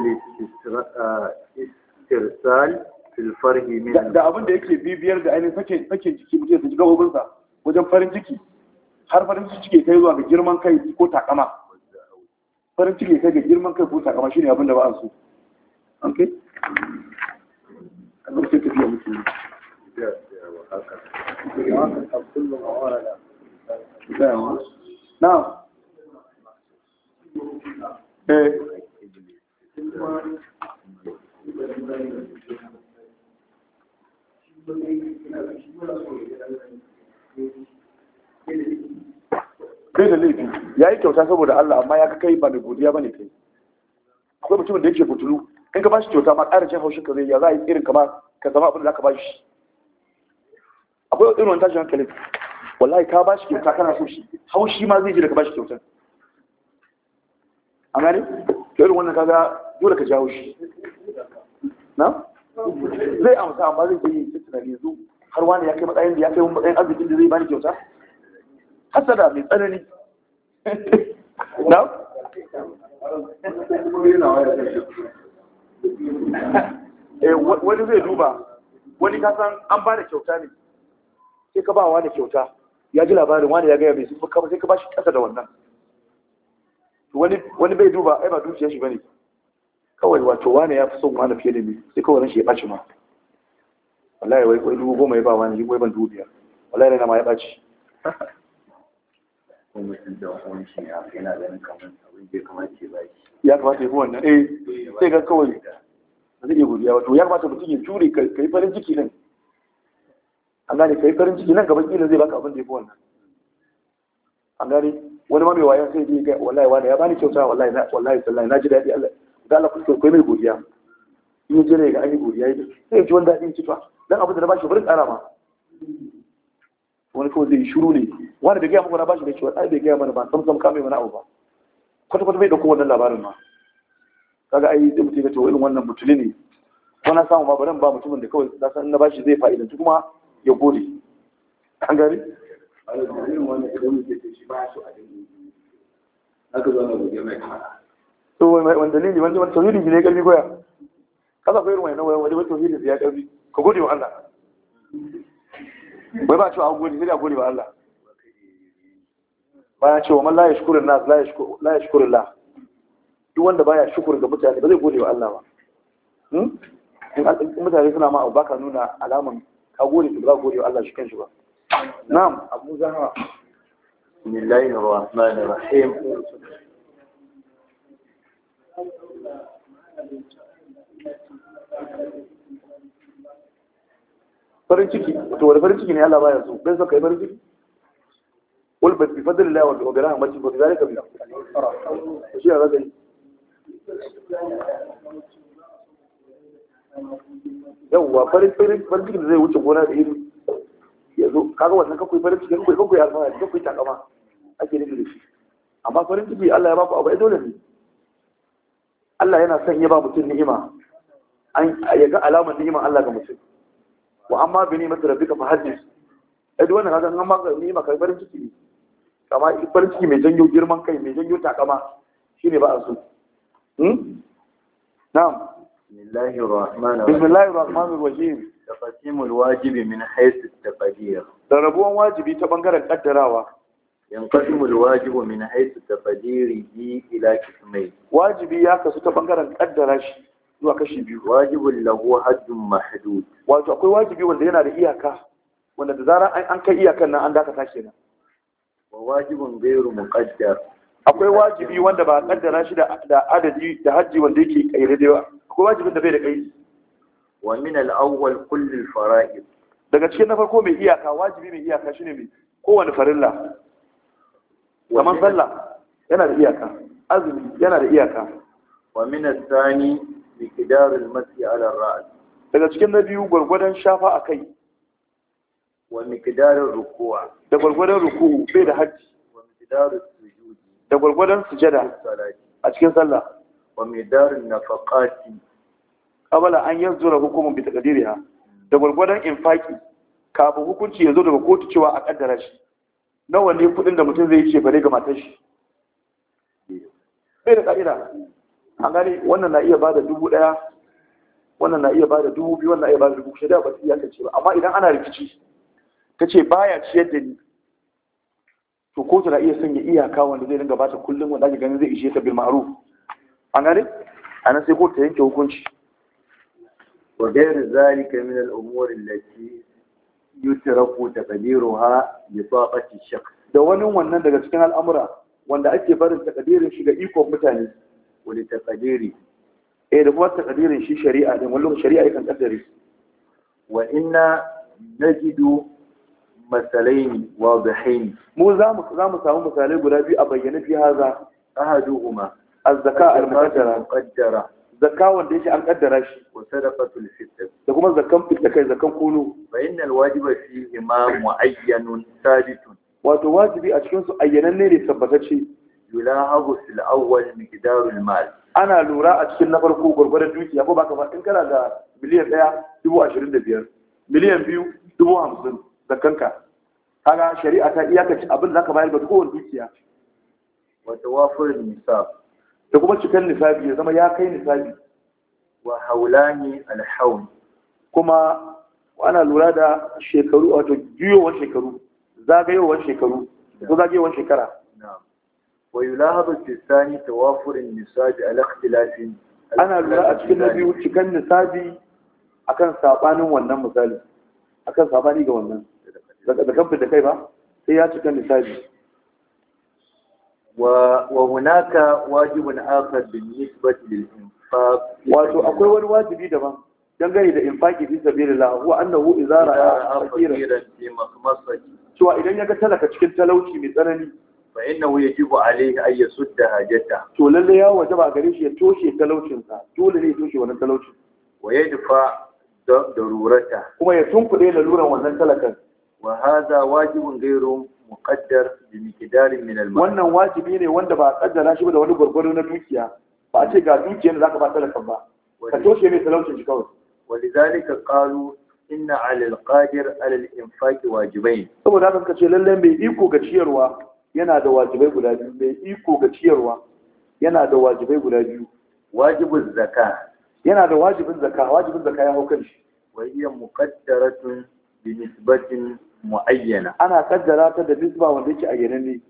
istirsal fil farhi min da abin da yake bibiyar da ainihin sakin sake jiki mutum saki gabobin sa wajen farin ciki har farin ciki ke kai zuwa ga girman kai ko takama farin ciki kai ga girman kai ko takama shine abin da ba a so an kai kai da laifi ya yi kyauta saboda Allah amma ya kai ba da godiya ba ne kai akwai mutumin da yake butulu in ka ba shi kyauta ma ƙara jin haushin ka zai ya za a yi irin kama ka zama abin da za ka ba shi akwai irin tashin hankalin wallahi ka bashi kyauta kana so shi haushi ma zai ji daga bashi kyauta, a gani da irin wannan kaga dole ka jawo shi na zai amsa amma zai yi tunani yanzu har wani ya kai matsayin da ya kai matsayin arzikin da zai bani kyauta da mai tsanani na eh, wani zai duba wani kasan an ba da kyauta ne sai ka ba wani kyauta ya ji labarin wani ya gaya mai sun kama sai ka ba shi ƙasa da wannan wani bai duba ai ba dukiyar shi bane kawai wato wani ya fi son wani fiye da ni sai kawai shi ya ɓaci ma wallahi wai kai dubu goma ya ba wani wai ban dubu wallahi na ma ya ɓaci ya kamata ya fi wannan eh sai ga kawai zai iya godiya wato ya kamata mutum ya jure ka yi farin ciki nan an gane kai farin ciki nan gaban kila zai baka abin da ya fi wannan an gane wani ma mai wayan sai zai ga wallahi wani ya bani kyauta wallahi wallahi wallahi na ji daɗi Allah da Allah kuke kai mai godiya in ya ne ga an yi godiya ya sai ya ji wani daɗin ci fa dan abin da na bashi bari tsara ma wani kawai zai yi shiru ne wani bai gaya muku na bashi da cewa ai bai gaya mana ba samsam ka mai mana abu ba kwata kwata bai ɗauko wannan labarin ma kaga ai zai mutu ya ce irin wannan mutuli ne ko na samu ma bari ba mutumin da kawai na san na bashi zai fa'idanci kuma ya gode an gari to wani dalili wani wani tauhidin ne karfi goya kasa koyar wani na wani wani tauhidin ya karfi ka gode wa Allah bai ba cewa an gode sai a gode wa Allah bayan cewa man la yashkuru nas la yashkuru la duk wanda baya shukuri ga mutane ba zai gode wa Allah ba hmm? in mutane suna ma abu baka nuna alaman أقولي تبغى أقولي الله شكرا شكرا نعم أبو زهرة بسم الله الرحمن الرحيم فرنسيكي تقول فرنسيكي نيالا بايا سو بس كي فرنسيكي بفضل الله وبرهم بس yauwa farin cikin da zai wuce gona da iri ya zo kaga wannan kakwai farin cikin kakwai kakwai alfahari kakwai takama ake nufi da shi amma farin ciki Allah ya baku abu ai dole ne Allah yana son ya ba mutum ni'ima an ya ga alamar ni'ima Allah ga mutum wa amma bi ni'imati rabbika fa hadis ai duk wannan kaga an ma ni'ima kai farin ciki ne kama farin ciki mai janyo girman kai mai janyo takama shine ba a hmm? so na'am bismillahir rahmanir rahim bismillahir rahmanir rahim wajibi min haythu taqdir da rabuwan wajibi ta bangaren kaddarawa yanqasimul wajibu min haythu taqdirihi ila qismai wajibi ya kasu ta bangaren kaddara shi zuwa kashi biyu wajibul lahu haddun mahdud wato akwai wajibi wanda yana da iyaka wanda da zarar an kai nan an akwai wajibi wanda ba a kaddara shi da adadi da hajji wanda yake kayyade ba Ko wajibin da bai da kaidi wa min al-awwal kulli faraid daga cikin na farko mai iyaka wajibi mai iyaka shine mai kowane farilla kamar sallah yana da iyaka azumi yana da iyaka wa min al-thani miqdar al-masi ala ar-ra's daga cikin na biyu gwargwadon shafa a kai wa miqdar ar-ruku'a da gwargwadon ruku'u bai da haji wa miqdar as-sujud da gwargwadon sujada a cikin sallah wa النفقات قبل qabla an حكم بتقديرها bi taqdiriha da gurgurdan infaki kafin hukunci ya zo daga kotu cewa a kaddara shi nawa ne kudin da mutum zai ce bare ga matar shi bai da ka'ida an gani wannan na iya bada dubu daya wannan na iya bada dubu biyu wannan na iya bada dubu shida ba su iyakance ba amma idan ana rikici ta ce baya ciyar da ni to kotu na iya sanya iyaka wanda zai dinga bata kullum wanda ake ganin zai ishe ta bil ma'ruf an gane a nan sai kotu ta yanke hukunci wa gairu zalika min al-umur allati yutraku ya bi taqati shak? da wani wannan daga cikin al'amura wanda ake barin takadirin shi ga ikon mutane wani takadiri eh da kuma takadirin shi shari'a din wani shari'a yakan kaddare wa inna najidu masalaini wadihain mu za mu samu misalai guda biyu a bayyane fi haza ahaduhuma azzaka al-muqaddara muqaddara zakka wanda yake an kaddara shi wa sadaqatul fitr da kuma zakkan fitr kai zakkan kunu fa innal wajiba fihi ma muayyanun sabitun wato wajibi a cikin su ayyananne ne tabbatacce yulahabu fil awwal miqdarul mal ana lura a cikin na farko gurgurdan dukiya ko baka ba in kana da miliyan 1 dubu 25 miliyan 2 dubu 50 zakkanka kaga shari'a ta iyakace abin da zaka bayar ga kowane dukiya wa tawafur nisab da kuma cikin nisabi ya zama ya kai nisabi wa haulani alhaun kuma ana lura da shekaru wato juyowar shekaru zagayowar shekaru ko zagayowar shekara wa yulahabu tisani tawafurin nisabi ala ikhtilafin ana lura a cikin nabi cikin nisabi akan sabanin wannan misali akan sabani ga wannan da kan da kai ba sai ya cikin nisabi وهناك واجب آخر بالنسبة للإنفاق واتو أقول وان واجبي دبا dangane da infaki fi sabilillah huwa annahu idza ra'a fakiran fi maqmasati cewa idan ga talaka cikin talauci mai tsanani fa innahu yajibu alayhi an yasudda hajata to lalle ya a gare shi ya toshe talaucin sa ne ya toshe wannan talaucin wa yadfa darurata kuma ya tunkuɗe laluran wannan talakan Wahaza, hadha wajibun muqaddar bi miqdarin min al wannan wajibi ne wanda ba kaddara shi ba da wani gurgurdo na dukiya ba a ce ga dukiyar da zaka ba talakan ba ka toshe mai talaucin shi kawai walidhalika qalu inna 'ala al-qadir 'ala al-infaq wajibain saboda haka suka ce lalle mai iko ga ciyarwa yana da wajibai guda biyu mai iko ga ciyarwa yana da wajibai guda biyu wajibin zakka yana da wajibin zakka wajibin zakka ya hau kanshi wa hiya muqaddaratun bi nisbatin muayyana ana kaddara ta da nisba wanda yake a gare ne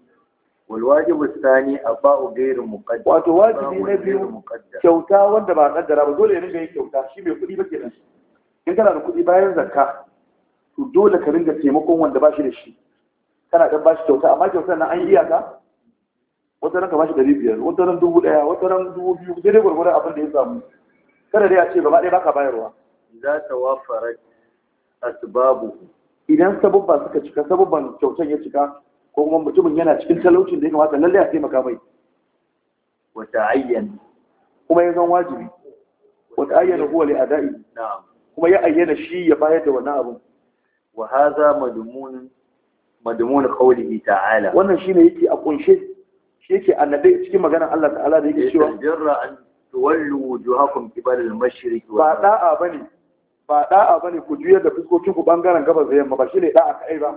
wal wajibu ba u gairu muqaddar wato wajibi na biyu kyauta wanda ba kaddara ba dole ne ga kyauta shi mai kuɗi ba kenan in kana da kuɗi bayan zakka to dole ka ringa taimakon wanda ba shi da shi kana dan bashi kyauta amma kyautar nan an yi iyaka wata ran ka bashi ɗari biyar wata ran dubu ɗaya wata ran dubu biyu dai gwargwaron abin da ya samu kada dai a ce gaba ɗaya baka bayarwa za ta wafara asbabu idan sabubba suka cika sabubban kyautan ya cika ko kuma mutumin yana cikin talaucin da ya kamata lalle a taimaka mai wata ayyan kuma ya zan wajibi wata ayyana huwa li ada'i kuma ya ayyana shi ya bayar da wannan abun wa hadha madmun madmun qawlihi ta'ala wannan shine yake a kunshe shi yake annabi cikin maganar Allah ta'ala da yake cewa jarra an tuwallu wujuhakum qibala al wa ba da'a bane ba da'a bane ku juyar da fuskokin ku bangaren gabas da yamma ba shine da'a kai ba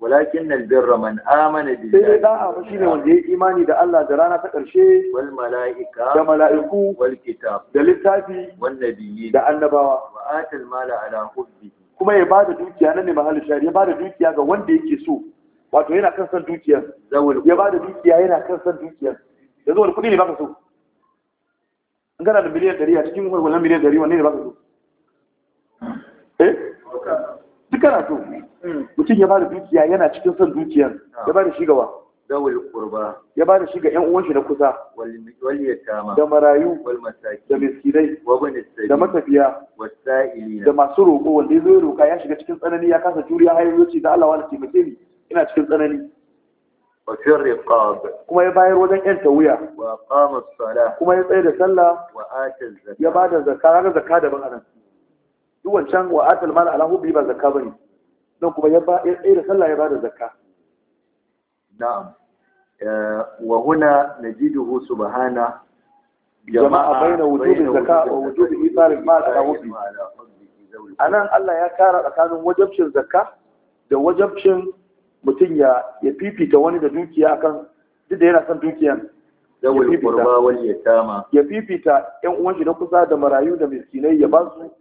walakin nal birra man amana billahi sai da'a ba shine wanda yayi imani da Allah da rana ta karshe wal malaika da malaiku wal kitab da littafi wan nabiyyi da annabawa wa atal mala ala hubbi kuma ya bada dukiya nan ne mahallin shari'a ya bada dukiya ga wanda yake so wato yana kan san dukiyar ya bada dukiya yana kan san dukiyar yanzu wani kuɗi ne baka so An kana da miliyan ɗari a cikin wannan miliyan ɗari wanne ne baka so eh duk karatu mutum ya bada dukiya yana cikin son dukiyar ya bada shi gawa ya bada shi ga yan uwan shi na kusa da marayu da miskinai da matafiya da masu roƙo wanda ya roƙa ya shiga cikin tsanani ya kasa juriya har yanzu ce da Allah wala taimake ni ina cikin tsanani وفي الرقاب كما يباير وجن انت ويا وقام الصلاه كما يتسيد الصلاه واتى الزكاه يبعد الزكاه هذا زكاه ده بقى duk wancan wa atal mal ala hubbi ba zakka bane don kuma ya ba ya da sallah ya ba da zakka na'am eh, wa huna najiduhu subhana jama'a baina wujubi zakka wa wujubi ithar mal ala hubbi anan Allah ya kara tsakanin wajabcin zakka da wajabcin mutum ya fifita wani da dukiya akan duk da yana son dukiyan ya fifita yan uwan shi na kusa da marayu da miskinai ya ba su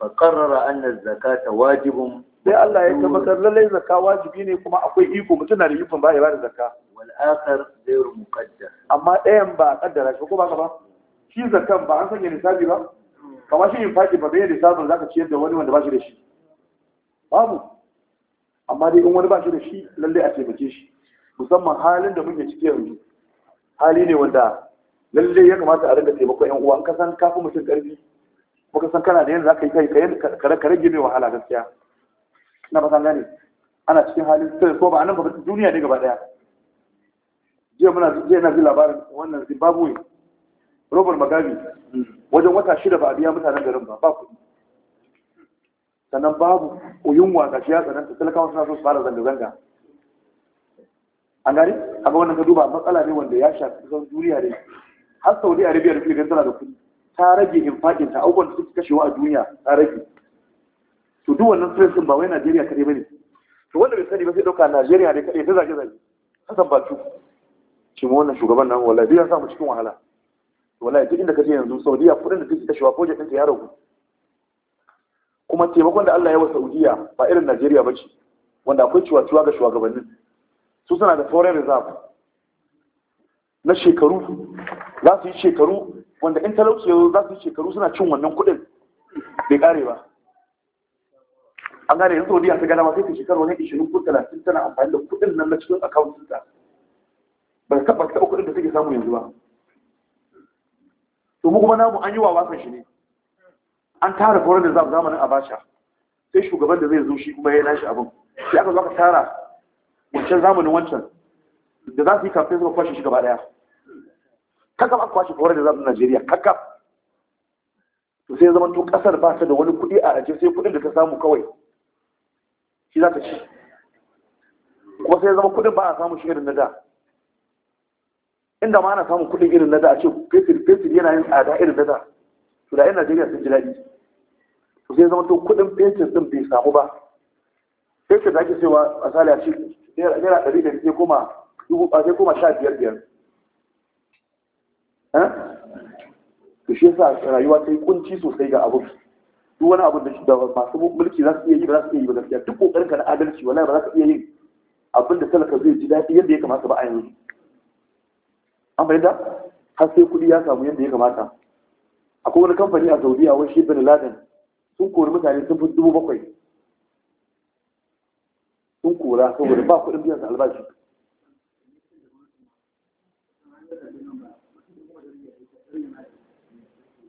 فقرر annar zakata واجب sai Allah ya tabbatar lallai zakka wajibi ne kuma akwai iko mutum na da ikon ba ya bada zakka wal akhar ghayr muqaddar amma ɗayan ba a kaddara shi ko ba ba shi zakkan ba an sanya nisabi ba kamar shi faki ba bai nisabin zaka ciyar da wani wanda ba shi da shi babu amma dai in wani ba shi da shi lallai a taimake shi musamman halin da muke ciki yanzu hali ne wanda lallai ya kamata a rinka taimakon yan uwa ka san kafin mutum karfi Muka san kana da yadda za ka yi kai ka rage mai wahala gaskiya na fasan gani ana cikin halin sai ko ba a nan ba duniya ne gaba daya jiya muna jiya na ji labarin wannan zimbabwe robert mugabe wajen wata shida ba a biya mutanen garin ba ba kuɗi sannan babu yunwa ga shi ya tsananta talakawa suna so su fara zanga-zanga an gani, a ga wannan ka duba matsala ne wanda ya shafi kusan duniya ne har saudi arabia da filigan tana da kuɗi ta rage infakin ta abubuwan da suke kashewa a duniya ta rage to duk wannan stress ba wai Najeriya kadai bane to wanda bai sani ba sai dauka Najeriya ne kare ta zage zage Hassan Batu shi mu wannan shugaban nan wallahi ya samu cikin wahala wallahi duk inda kaje yanzu Saudiya kudin da take kashewa project din ta ya ragu kuma taimakon da Allah ya wa Saudiya ba irin Najeriya bace wanda akwai ciwa-ciwa ga shugabannin su suna da foreign reserve na shekaru za su yi shekaru wanda in talauci yau za su yi shekaru suna cin wannan kuɗin bai kare ba an gane yanzu wani ta gana ma sai ta shekaru wani ishirin ko talatin tana amfani da kuɗin nan na cikin akawuntin ta ba ta taɓa taɓa kuɗin da suke samu yanzu ba to mu kuma namu an yi wa wasan shi ne an tara foreign da zamanin abacha sai shugaban da zai zo shi kuma ya nashi abin sai aka zo aka tara wancan zamanin wancan da za su yi kafin zama kwashe shi gaba daya kakaf aka kwashe kawar da zaɓin najeriya kakaf to sai zama to ƙasar ba ta da wani kuɗi a ajiye sai kuɗin da ta samu kawai shi za ta ci kuma sai zama kuɗin ba a samun shi irin na da inda ma ana samun kuɗin irin na da a ce fetur fetur yana yin tsada irin na da to da 'yan najeriya sun ji daɗi to sai zama to kuɗin fetur ɗin bai samu ba fetur da ake cewa a a ce naira ɗari da ke koma dubu sai koma sha biyar biyar Eh? to shi yasa rayuwa ta yi kunci sosai ga abin duk wani abin da masu mulki za su iya yi ba za su iya yi ba gaskiya duk kokarin ka na adalci wallahi ba za ka iya yin abin da talaka zai ji daɗi yadda ya kamata ba a yanzu an da, har sai kuɗi ya samu yadda ya kamata akwai wani kamfani a saudiya wai shi bin laden sun kori mutane sun fi dubu bakwai sun kora saboda ba kuɗin biyan su albashi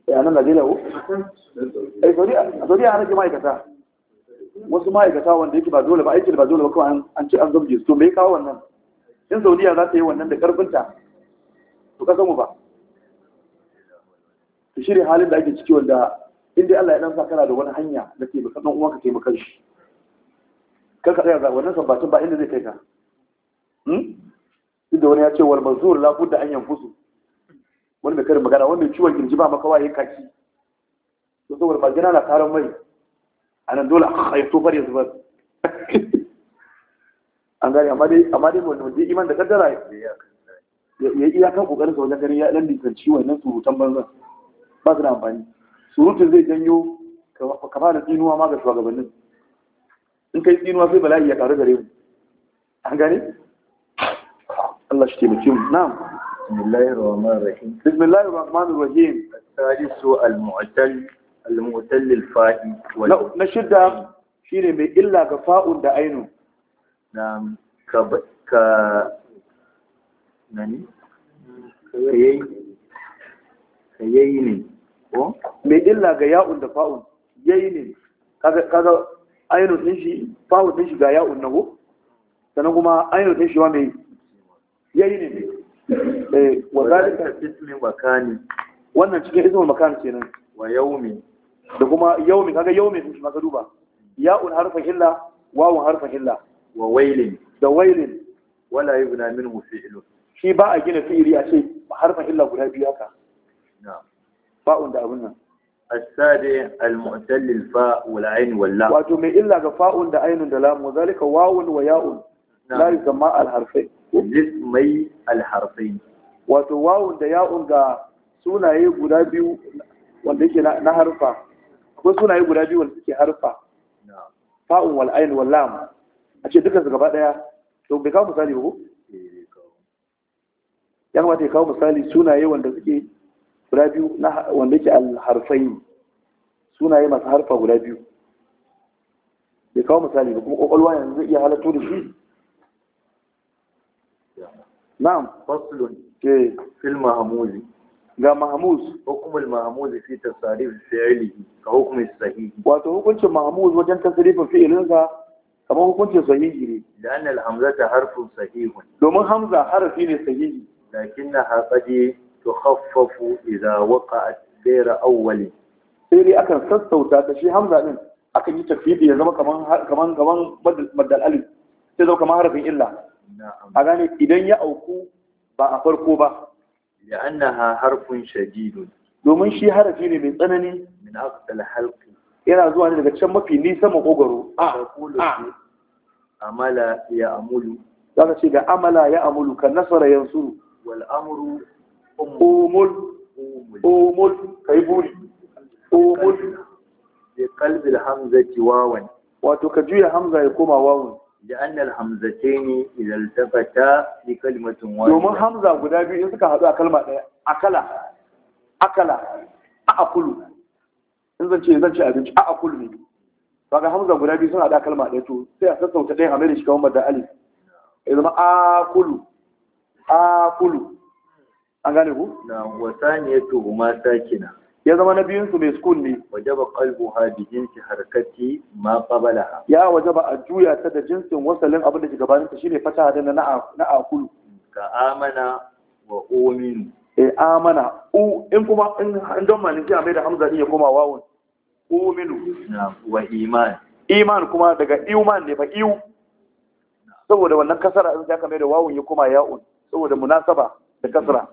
ya eh, nan najeriya ko eh, a saudiya ana ke ma'aikata wasu ma'aikata wanda yake ba dole ba aiki da ba dole ba kawai an ce an zabje to me kawo wannan in saudiya za ta yi wannan da karfinta to kasan mu ba to shirya halin da ake ciki wanda in dai Allah ya dan sa kana da wani hanya da ke baka dan uwanka taimaka shi kar ka tsaya za wannan sabbatin ba inda zai kai ka hmm inda wani ya ce wal mazur la budda an yanfusu wani mai karin magana wani ciwon kirji ba makawa ya kaki to saboda majina na karan mai a nan dole a ya tofar ya zubar an gani amma dai amma dai wanda wanda iman da kaddara ya yi iyakan kokarin sa wajen ganin ya dan ciwon nan surutan banzan ba su da amfani surutun zai janyo ka fara tsinuwa ma ga shugabannin in kai tsinuwa sai bala'i ya karu gare mu an gane Allah shi taimake mu na'am بسم الله الرحمن الرحيم بسم الله الرحمن الرحيم الثالث المعتل المعتل الفائي نشد شيء من إلا غفاء دا عينه نعم كب ك نani kayayi كيين ne ko mai illa ga ya'un da kaga kaga ainu din shi fawo din shi ga ya'un nago sanan kuma ainu din shi wa mai yayi ne eh wa wannan cikin ismul makan kenan wa yaumi da kuma yaumi kaga yaumi din shi maka duba ya'un harfin illa wawun harfin illa wa wailin da wailin wala yubna minhu fi'lun shi ba a gina fi'ili a ce harfin illa guda biyu haka na'am ba'un da abun nan السادة المعتل الفاء والعين واللام واتو من إلا فاء دا عين دا لام وذلك واو وياء لا يسمى الحرفين الاسمي الحرفين wato wawun da ya'un ga sunaye guda biyu wanda yake na harfa akwai sunaye guda biyu wanda suke harfa fa'un wal ain wal lam a ce dukansu gaba daya to bai kawo misali ba eh, ya kamata ya kawo misali sunaye wanda suke guda biyu wanda yake alharfai sunaye masu harfa guda biyu bai kawo misali ba kuma kwakwalwa yanzu zai iya halatto da shi na'am fasulun eh fil Mahamuzi. ga mahmuz hukumul mahmuz fi tasarif fi'li ka hukumi sahihi wato hukuncin mahmuz wajen tasrifin fi'lin sa kamar hukuncin sahihi ne da annal hamzata harfun sahihun domin hamza harfi ne sahihi lakinnaha qad tukhaffafu idza waqa'at ghayra awwali sai dai akan sassauta ta shi hamza din akan yi tafiye ya zama kaman kaman kaman sai zama kaman harfin illa a gane idan ya auku ba a farko ba لأنها harfin شديد domin shi harafi ne mai tsanani min aqdal halqi yana zuwa ne daga can mafi nisa makogaro a amala ya amulu zaka ce ga amala ya amulu kan nasara yansu wal amru umul umul kai buri umul ya qalbi Hamza ki wawan wato ka juya hamza ya koma wawan لأن الهمزتين إذا التفتا في كلمة واحدة يوم همزة غدا بيو suka hadu a kalma daya akala akala aakulu in zan ce zan ce abinci aakulu ne kaga hamza guda biyu suna da kalma daya to sai a sassauta dai hamza shi kamar da alif ya zama aakulu aakulu an gane ku na wasaniyatu huma sakina ya zama na biyun su mai sukun ne wajaba qalbuha bi jinsi harkati ma qabalaha ya wajaba a juya ta da jinsin wasalin abin da ke gabanin ta shine fata da na na akulu ka amana wa umin e amana u in kuma in don maliki a mai da hamza ne ya koma wawun uminu wa iman iman kuma daga iman ne ba iu saboda wannan kasara in ka mai da wawun ya koma ya'un saboda munasaba da kasara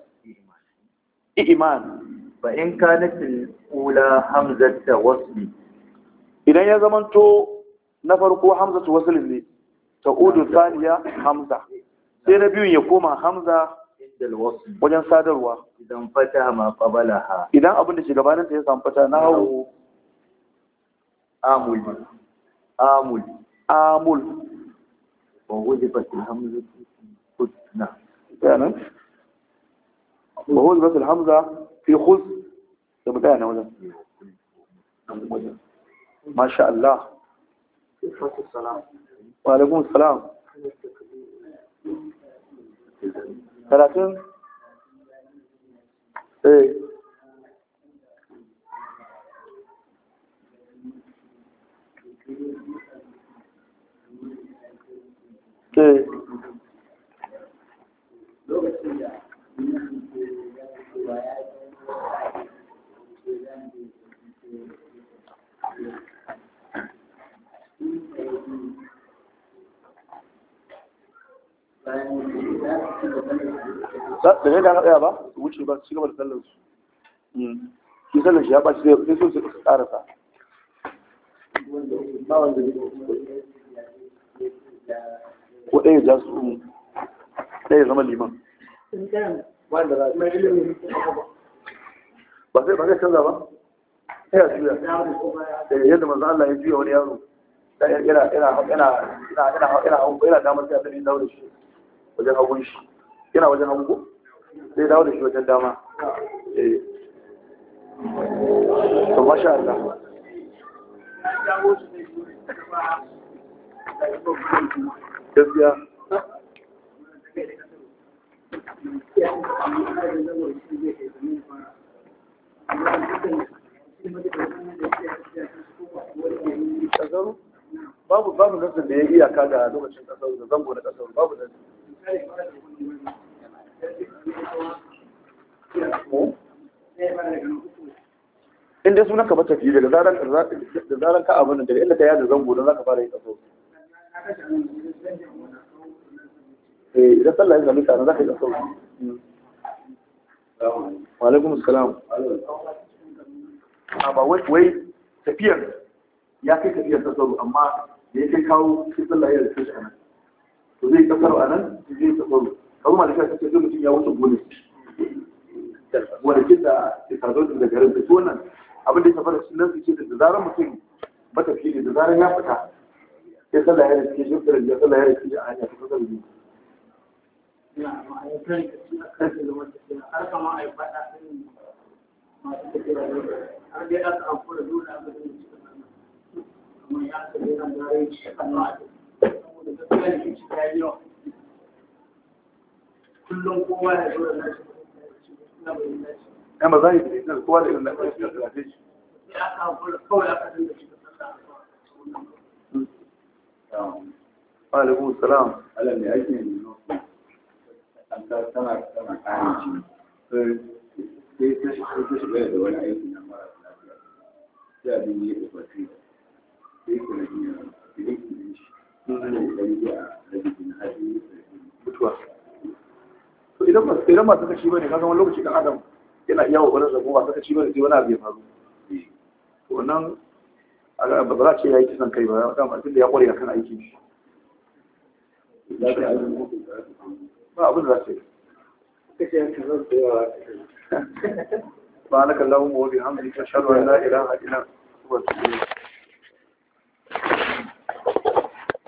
iman fa idan ya zamanto na farko hamzatu wasli ne ta'udu Saniya, hamza sai na biyun ya koma hamza wajen sadarwa idan fata ma qabalaha idan abin da ke ya samu fata na hawo amul amul amul hamza في خذ ده بدانا ولا ما شاء الله وعليكم السلام ثلاثين ايه yadda aka tsaya ba su wuce ba ci gaba da sallar su shi sallar shi ya ɓaci sai so su ƙarasa ko ɗaya ja su ɗaya zama liman ba sai ba zai canza ba ya juya yadda manzo Allah ya juya wani yaro yana yana yana yana yana yana damar sai a tsaye daure shi wajen hagun yana wajen hagun sai dawo da shi wajen dama eh. to masha Allah gaskiya babu babu nasin da ya iyaka ga lokacin kasar da zango na kasar babu nasin in dai sunan ka ba tafiye daga zaren da ka abin daga inda ta yada zango don zaka fara yin kaso eh idan sallah ya zama za zaka yi kaso walaikun musulam a ah, ba wai tafiyar ya kai tafiyar ta tsoro amma da ya kai kawo sai sallah ya rike ta anan to zai kasaro nan zai tsoro kan wani kai kace mutum ya wuce gole gonakin da ke tazo da garin da wannan abin da ya fara shi nan suke da zarar mutum matafi ne da zarar ya fita sai sallah ya rike shi da ya sallah ya rike a hanya ta sallah ne har kama a yi faɗa masu tafiya har dai aka amfura dole abin da ya kuma ya aka yi nan da rai shi kan ma'a saboda da yawa kullum kowa ya zo da nashi na bai ya ma za yi da idan kowa da irin da kai da zafi shi ya aka kawai aka dinga shi da sallah wa alaikum salam alal ne ake yi an ta tana tana kayan ci sai ta shiga da wani aiki na mara lafiya sai abin yi da kwafi sai kuma yi a cikin shi ana da ɗan yi a rage jin hajji mutuwa to idan ba idan ba saka shi bane kaga wani lokaci kan adam yana iya wa zabo ba saka shi bane sai wani abu ya faru eh, to wannan ba za a ce ya kisan kai ba dan abin da ya kware aikin shi ba abin da za